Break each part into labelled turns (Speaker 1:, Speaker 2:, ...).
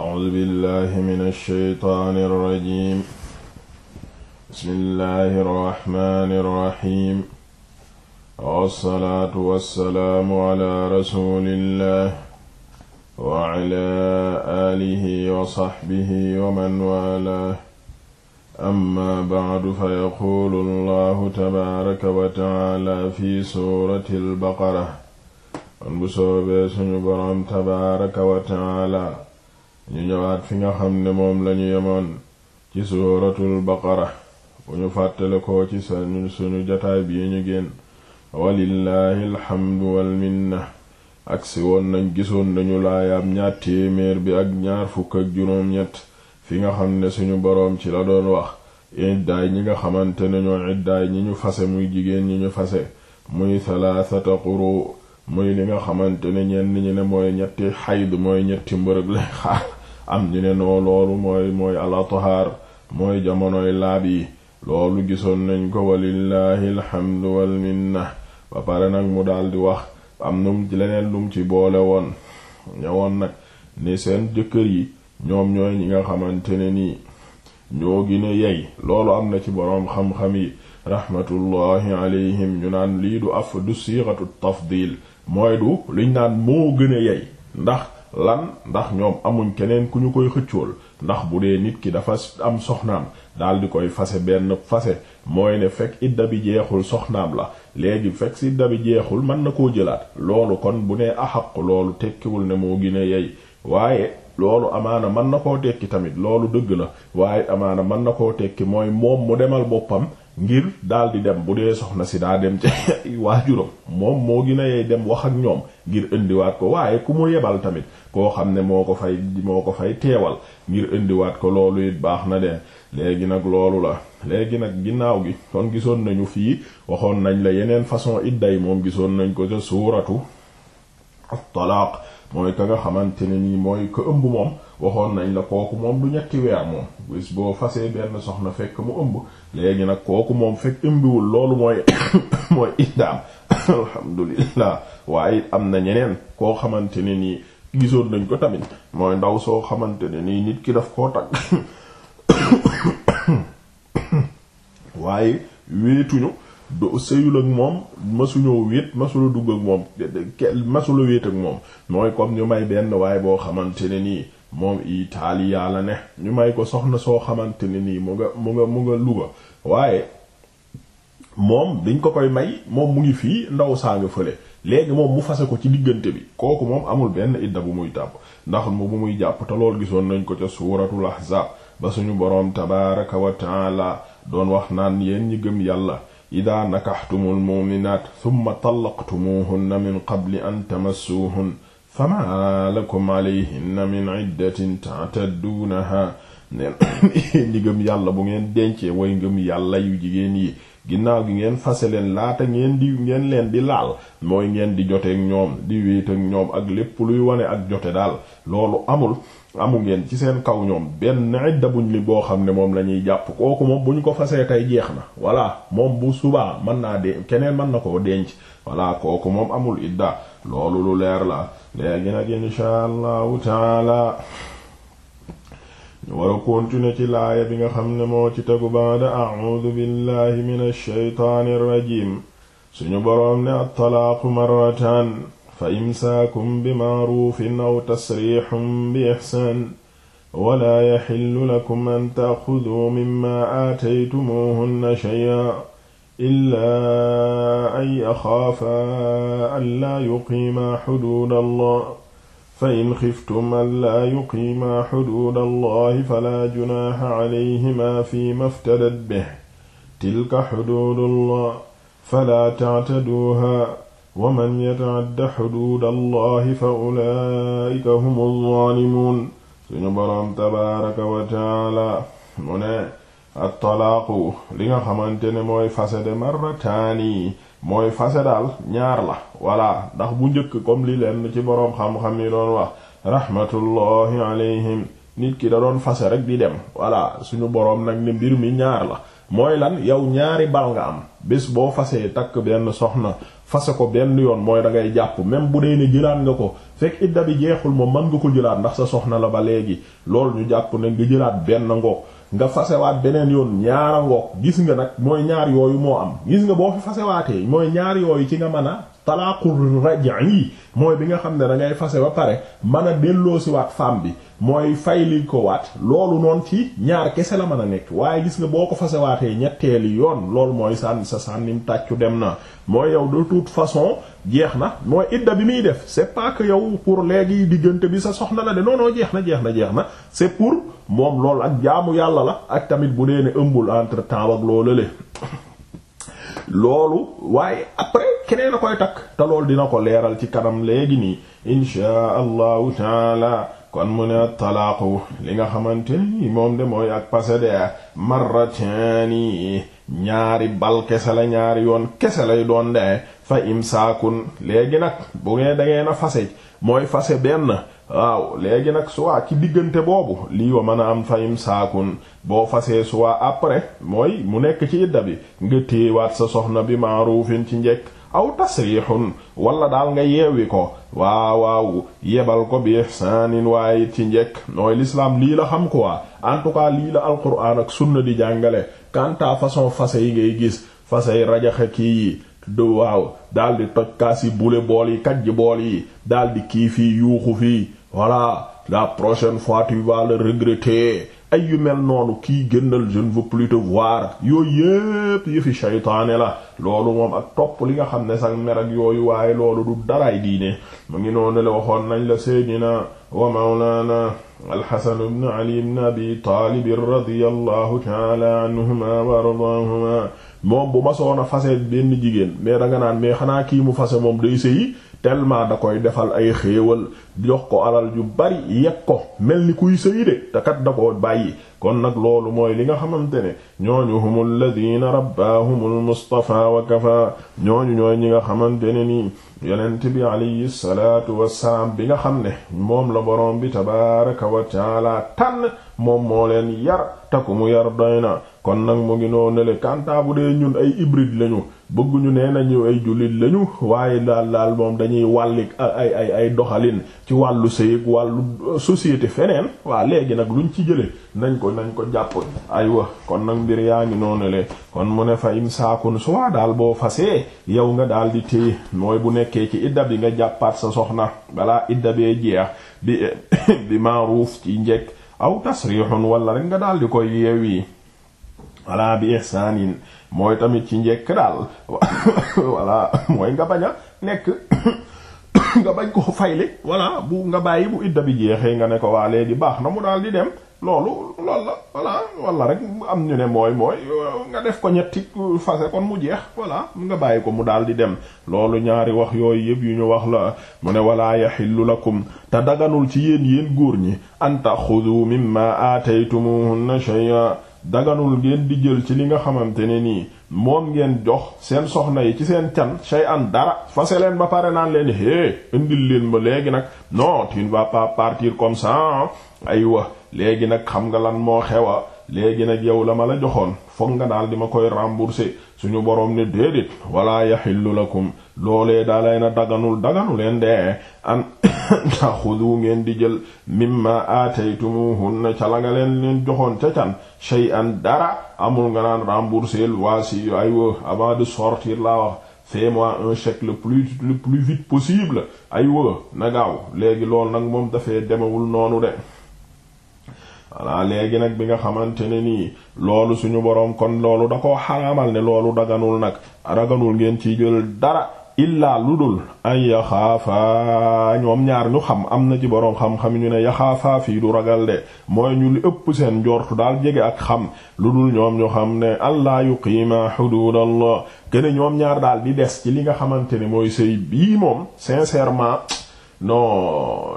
Speaker 1: أعوذ بالله من الشيطان الرجيم بسم الله الرحمن الرحيم والصلاة والسلام على رسول الله وعلى آله وصحبه ومن والاه أما بعد فيقول الله تبارك وتعالى في سورة البقرة kon bu soobee suñu boroom tabaaraka wa taala ñu ñëwaat fi nga xam ne moom lañu yemoon ci suuratul baqara bu ñu fàttale ko ci sunu suñu jataay bi ñu génn walillaahi alxamdu walminna agsi woon nañ gisoon nañu laayaab ñaar téeméer bi ak ñaar fukk ak juróom-ñett fi nga xam ne suñu boroom ci la doon wax iddaay ñi nga xamante ne ñoo iddaay ñi ñu fase muy jigéen ñi ñu fase muy salaasata quru muy li nga xamante ne ñenn ñi ne mooy ñetti xayd mooy ñetti mbërëb lay xaar am ñu ne noo loolu mooy mooy alathaar mooy jamonoy laab yi loolu gisoon nañ ko walillahi alhamdu wal minna ba pare nag mu daldi wax am num leneen lum ci boole woon ñëwoon nag ni seen jëkkër yi ñoom ñooy ñi nga xamante ne nii ñoo gine yey loolu am na ci boroom xam-xam yi rahmatullahi alayhim ñu naan lii du af du siixatu tafdil mooy du liñ naan moo gën a yey ndax lan ndax ñoom amuñ keneen ku ñu koy xëccool ndax bu dee nit ki dafa am soxnaam daal di koy fase benn fase mooy ne fekk idda bi jeexul soxnaam la léegi fekk si idda bi jeexul mën na koo jëlaat loolu kon bu nee axaq loolu tekkiwul ne moo gine yey waaye loolu amaana mën na koo tekki tamit loolu dëgg la waaye amaana mën na koo tekki mooy moom mu demal boppam ngir daal di dem bu dee soxna si daa dem ci waajuram moom moo gën a dem wax ak ñoom ngir indiwaat ko waaye ku mu yebal tamit koo xam ne moo ko fay moo ko fay teewal ngir indiwaat ko loolu it baax na de léegi nag loolu la léegi nag ginnaaw gi kon gisoon nañu fii waxoon nañ la yeneen façon idday moom gisoon nañ ko ca suuratu at-talaaq mooy ka nga xamante ne nii mooy ko ëmb moom waxoon nañ la kooku moom du ñetti weer moom bis boo fasee benn soxna fekk mu ëmb léegi nag kooku moom fekk ëmbiwul loolu mooy mooy iddaam alhamdulillah waaye am na ñeneen koo xamante ne nii gisoon nañ ko tamit mooy ndaw soo xamante ne nii nit ki daf koo tag waaye wéetuñu do sëyul ak moom masuñoo wéet masula dugg ak moom masula wéet ak moom mooy comme ñu may benn waaye boo xamante ne nii moom Italia la ne ñu may ko soxna soo xamante ne nii mu nga mu nga mu nga Louga waaye moom dañ ko koy may moom mu ngi fii ndaw saa nga fële léegi moom mu fase ko ci diggante bi kooku moom amul benn idda bu muy tàpp ndax mu bu muy jàpp te lool gisoon nañ ko ca suuratul ahzaab ba suñu boroom tabaaraka wa taala doon wax naan yéen ñi gëm yàlla ida nakaxtumul mu'minaat thumma tallaqtumuhunna min qabli an tamassuhun famaa lakum alayhinna min iddatin ta'tadduunaha neen ñi gëm yàlla bu ngeen dencee way ngëm yàlla yu jigéen yi ginnaaw gi ngeen fase leen laata ngeen di ngeen leen di laal mooy ngeen di joteek ñoom di wéet ñoom ak lépp luy wane ak jote daal loolu amul amu ngeen ci seen kaw ñoom benn idda buñ li boo xam ne moom la ñuy jàpp kooku moom bu ñu ko fasee kay jeex na voilà moom bu subaa mën naa de keneen mën na koo denc voilà kooku moom amul idda loolu lu leer la léegi nag insha allahu taala ñu war a continuer ci laaya bi nga xam ne moo ci tegu baada a'uudu billahi min alsheytaani irrajim suñu boroom ne attalaaqu marratan fa imsaakum bi maaruufin aw tasriixum bi ixsaan walaa yaxillu lakum an taaxuduu mimmaa aataytumuuhunna shay'an illaa an yaxaafa an laa yuqiima xuduud allah fa in xiftum an laa yuqiima xuduud allah falaa junaaxa calayhima fi maftadat bih tilka xuduud allah falaa tactaduuha wa man yatacadda xuduud allah fa ulaa'ika hum alzaalimuun suñu boroom tabaaraka wa tacaala mu ne at-talaaqu li nga xamante ne mooy fase de marrataani mooy fase daal ñaar la walla ndax bu njëkk comme li leen ci boroom xam-xam ni doon wax rahmatullahi alayhim nit ki da doon fase rek di dem walla suñu boroom nag ne mbir mi ñaar la mooy lan yow ñaari bal nga am bés boo fasee takk benn soxna fase ko benn yoon mooy da ngay jàpp même bu dee ne jëlaat nga ko fekk idda bi jeexul moom mën nga ko jëlaat ndax sa soxna la ba léegi loolu ñu jàpp ne nga jëlaat benn ngoo nga fasewaat beneen yoon ñaara ngoog gis nga nag mooy ñaar yooyu moo am gis nga boo fi fasewaatee mooy ñaar yooyu ci nga mën a talaaqul raj'i mooy bi nga xam ne da ngay fase ba pare mën a delloosiwaat femme bi mooy fay liñ ko waat loolu noonu ci ñaar kese la mën a nekk waaye gis nga boo ko waatee fasewaatee ñetteeli yoon loolu mooy sànni sa sànnim tàccu dem na mooy yow du toute façon jeex na mooy idda bi muy def c'est pas que yow pour léegi diggante bi sa soxna la de non jeex na jeex na jeex na c'est pour moom lool ak jaamu yàlla la ak tamit bu dee ne ëmbul entre temps ak loolu le loolu waaye après keneen a koy takk te loolu dina ko leeral ci kanam léegi nii insha allahu kon mu ne talaaqu li nga xamante ni moom de mooy ak passé de marratani ñaari bal kese la ñaari yoon kese lay doon de fa im imsaakun léegi nag bu ngeen da ngeen a fase mooy fase benn waaw léegi nag soit ci diggante boobu lii wa mën a am fa imsaakun boo fasee soit après mooy mu nekk ci idda bi nga téewaat sa soxna bi maaruufin ci njekk aw tasrihun wala daal nga yeewi ko waaw waaw yebal ko bi ihsaanin waaye ci njekk nooy lislaam lii la xam quoi en tout lii la alquran ak sunna di jàngale kanta façon fase yi ngay gis fase yi rajaxe kii yi du waaw daal di toj kaas yi bule bool yi kaj bool yi daal di kii fii yuuxu fii voilà la prochaine fois tu vas le ay yu mel noonu kii génnal je ne veux plus te voir yooyu yépp yëfi shaytaane la loolu moom ak topp li nga xam ne sax mer ak yooyu waaye loolu du daraay diine mu ngi noonu la waxoon nañ la seydina wa mawlaana alxasan ibn ali ibn abi taalib radiyallahu taala anhuma wa ardaahuma moom bu ma soona fase benn jigéen mais danga naan mais xanaa kii mu fase moom day sëyi tellement da koy defal ay di jox ko alal yu bari yeg ko mel ni kuy sëyi de te kat da ko bàyyi kon nag loolu mooy li nga xamante ne ñooñu humul ladina rabbahumul mustafa wa kafa ñooñu ñooy ñi nga xamante ne nii yonent bi alayhi salaatu wassalaam bi nga xam ne moom la boroom bi tabaraka wa taala tànn moom moo leen yar taku mu yar doy na kon nag mu ngi noo nele kanta bu dee ñun ay hybride lañu bëgguñu nee nañu ay jullit lañu waaye daal daal moom dañuy wàllik ay ay doxalin ci wàllu sëyëg wàllu euh, société feneen waa léegi nag luñ ci jële nañ ko nañ ko jàpp aywa kon nag mbir yaa ngi noonu le kon mu ne fa im saakun suwaa daal boo fasee yow nga daal di mooy bu nekkee ci idda bi nga jàppaat sa soxna balaa idda bee jeex bi bi maaruuf ci njekk aw tasrihun wala rek nga daal di koy yeew yi wala bi ihsaanin mooy tamit ci njekk daal voilà mooy nga bañ nekk nga bañ koo fayle voilà bu nga bàyyi bu idda bi jeexee nga ne ko waa léegi baax na mu daal di dem loolu loolu la voilà wala rek am ñu ne mooy mooy euh, nga def ko ñetti euh, fase kon mu jeex voilà nga bàyyi ko mu daal di dem loolu ñaari wax yooyu yëpp yu ñu wax la mu ne walaa yaxillu lakum te daganul ci yéen yéen góor ñi an taxudu mimma aataytumuhunna shay'a daganul ngeen di jël ci li nga xamante ne nii moom ngeen jox seen soxna yi ci seen can shay an dara fase leen ba pare naan leen hé indil leen ma léegi nag non tu ne vas pas partir comme ça léegi nag xam nga lan moo xewa léegi nag yow la ma la joxoon foog nga daal di ma koy rembourser suñu borom ne déedéet wala la lakum loolee daa lay na daganul daganu leen de an taxudu ngeen di jël mimma aataytumuhunna ca la nga leen leen joxoon ca can shay'an dara amul nga naan rembourser voici ay wa avant de sortir laa wax fais-moi un chèque le plus vite possible ay wa na gaaw léegi lool nag moom dafee demewul noonu de voilà léegi nag bi nga xamante ne nii loolu suñu boroom kon loolu da ko xaamal ne loolu daganul nag daganul ngeen ci jël dara illaa lu dul ay yaxaafaa ñoom ñaar ñu xam am na ci boroom xam-xam ñu ne yaxaafaa fii du ragal de mooy ñu li ëpp seen njortu daal jege ak xam lu dul ñoom ñu xam ne allaa yuqiima xuduudallah gëne ñoom ñaar daal di des ci li nga xamante ne mooy sëy bii moom sincèrement non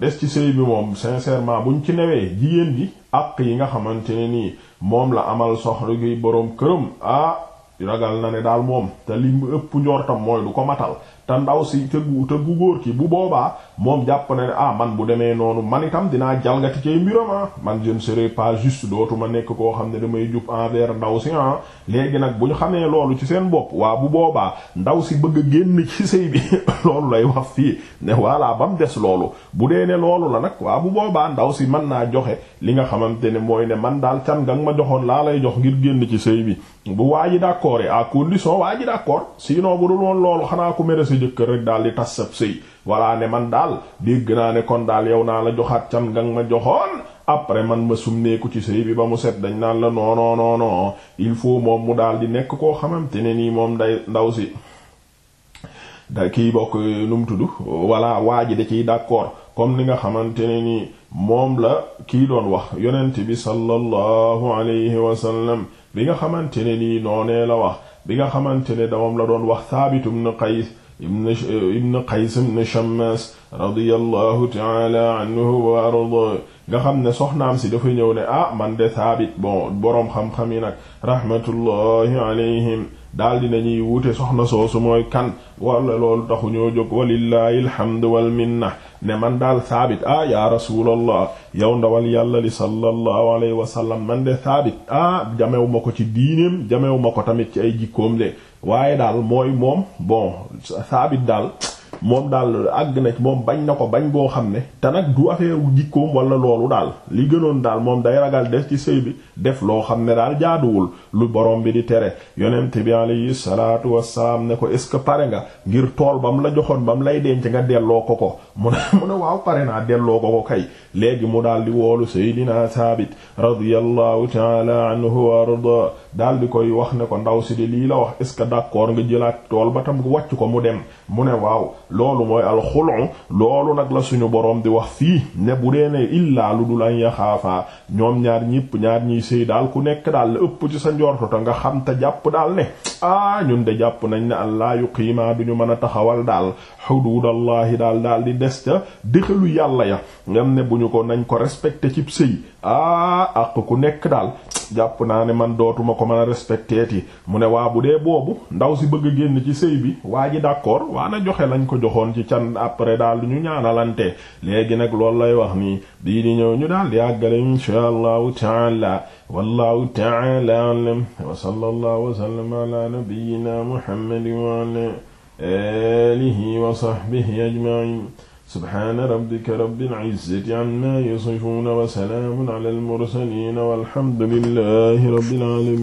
Speaker 1: des ci sëy bi moom sincèrement buñ ci newee jigéen ji àq yi nga xamante ne nii moom la amal soxla gi boroom këram ah ragal na ne daal moom te li mu ëpp njortam mooy du ko matal te ndaw si te bu te bu góor ki bu boobaa moom jàpp na ne ah man bu demee noonu man itam dinaa jalgati cay mbiram ah man je ne serai pas juste dootuma nekk koo xam ne damay jub envers ndaw si ah léegi nag bu ñu xamee loolu ci seen bopp waa bu boobaa ndaw si bëgg a génn ci sëy bi loolu lay wax fii ne voilà ba mu des loolu bu dee ne loolu la nag waa bu boobaa ndaw si mën naa joxe li nga xamante ne mooy ne man daal can nga ma joxoon laa lay jox ngir génn ci sëy bi bu waa ji d'accord à condition waa ji d'accord sinon bu loolu xanaa ku mere sa jëkkër rek daal di tas sab sëy voilà ne man daal dégg naa ne kon daal yow naa la joxaat cam nga ma joxoon après man ma sumneeku ci sëy bi ba mu set dañ naan la non non il faut moom mu daal di nekk koo xamante ne nii moom day ndaw si da kiy bokk nu mu tudd voilà waa ji da ciy d'accord comme ni nga xamante ne nii moom la kii doon wax yonent bi sallallahu alayhi wa bi nga xamante ne nii noonee la wax bi nga xamante ne da la doon wax Saabit ibn Qays ibn ibn qays ibn shammas radiyallahu taala anhu wa nga xam ne soxnaam si dafa ñëw ne ah man de saabit borom boroom xam-xam yi nag rahmatullahi alayhim daal di nañuy wuute soxna soosu mooy kan wala loolu taxu ñoo jóg walillahi alhamdu wal ne man daal saabit ah ya rasulallah yow ndawal yàlla li sallallahu alayhi wa sallam man de saabit ah jamew ma ko ci diineem jamew ma ko tamit ci ay jikkoom de waaye daal mooy moom bon saabit daal moom daal àgg na moom bañ na ko bañ goo xam ne te nag du affaire jikkoom wala loolu daal li gënoon daal moom day ragal def ci sëy bi def loo xam ne daal jaaduwul lu borom bi di tere yonent bi alayhi salaatu wassalaam ne ko est ce que pare nga ngir tool ba mu la joxoon ba mu lay denc nga delloo ko ko mu ne waaw pare naa delloo ko ko kay léegi mu daal di woolu Seydina Saabit radiyallahu taala anhu wa arda daal di koy wax ne ko ndaw si di lii la wax est ce que d'accord nga jëlaat tool ba tam wàcc ko mu dem mu ne waaw loolu mooy alxulu loolu nag la suñu boroom di wax fii ne bu dee ne illaa lu dul an yaxaafa ñoom ñaar ñëpp ñaar ñiy sëy daal ku nekk daal la ëpp ci sa njorto ta nga xam te jàpp daal ne ah ñun de jàpp nañ ne allah yuqiima duñu mën a taxawal daal xuduudallahi daal daal di des ca dëxalu yàlla ya ngam ne bu ñu ko nañ ko respecté cib sëy ah ak ku nekk daal jàpp naa ne man dootuma ko mën a respecté ti mu ne waa bu dee boobu ndaw si bëgg génn ci sëy waa ko joxoon ci can après daal ñu ñaanalante léegi nag loolu lay wax nii dii di ñëw ñu daal di àggale inshaa allahu taala wallahu taala alam wa sallallahu wa sallama ala nabiyyina muhammadin wa ala alihi wa sahbihi ajma'in subhana rabbika rabbil izzati amma yasifun wa salamun ala al mursalin walhamdulillahi rabbil alamin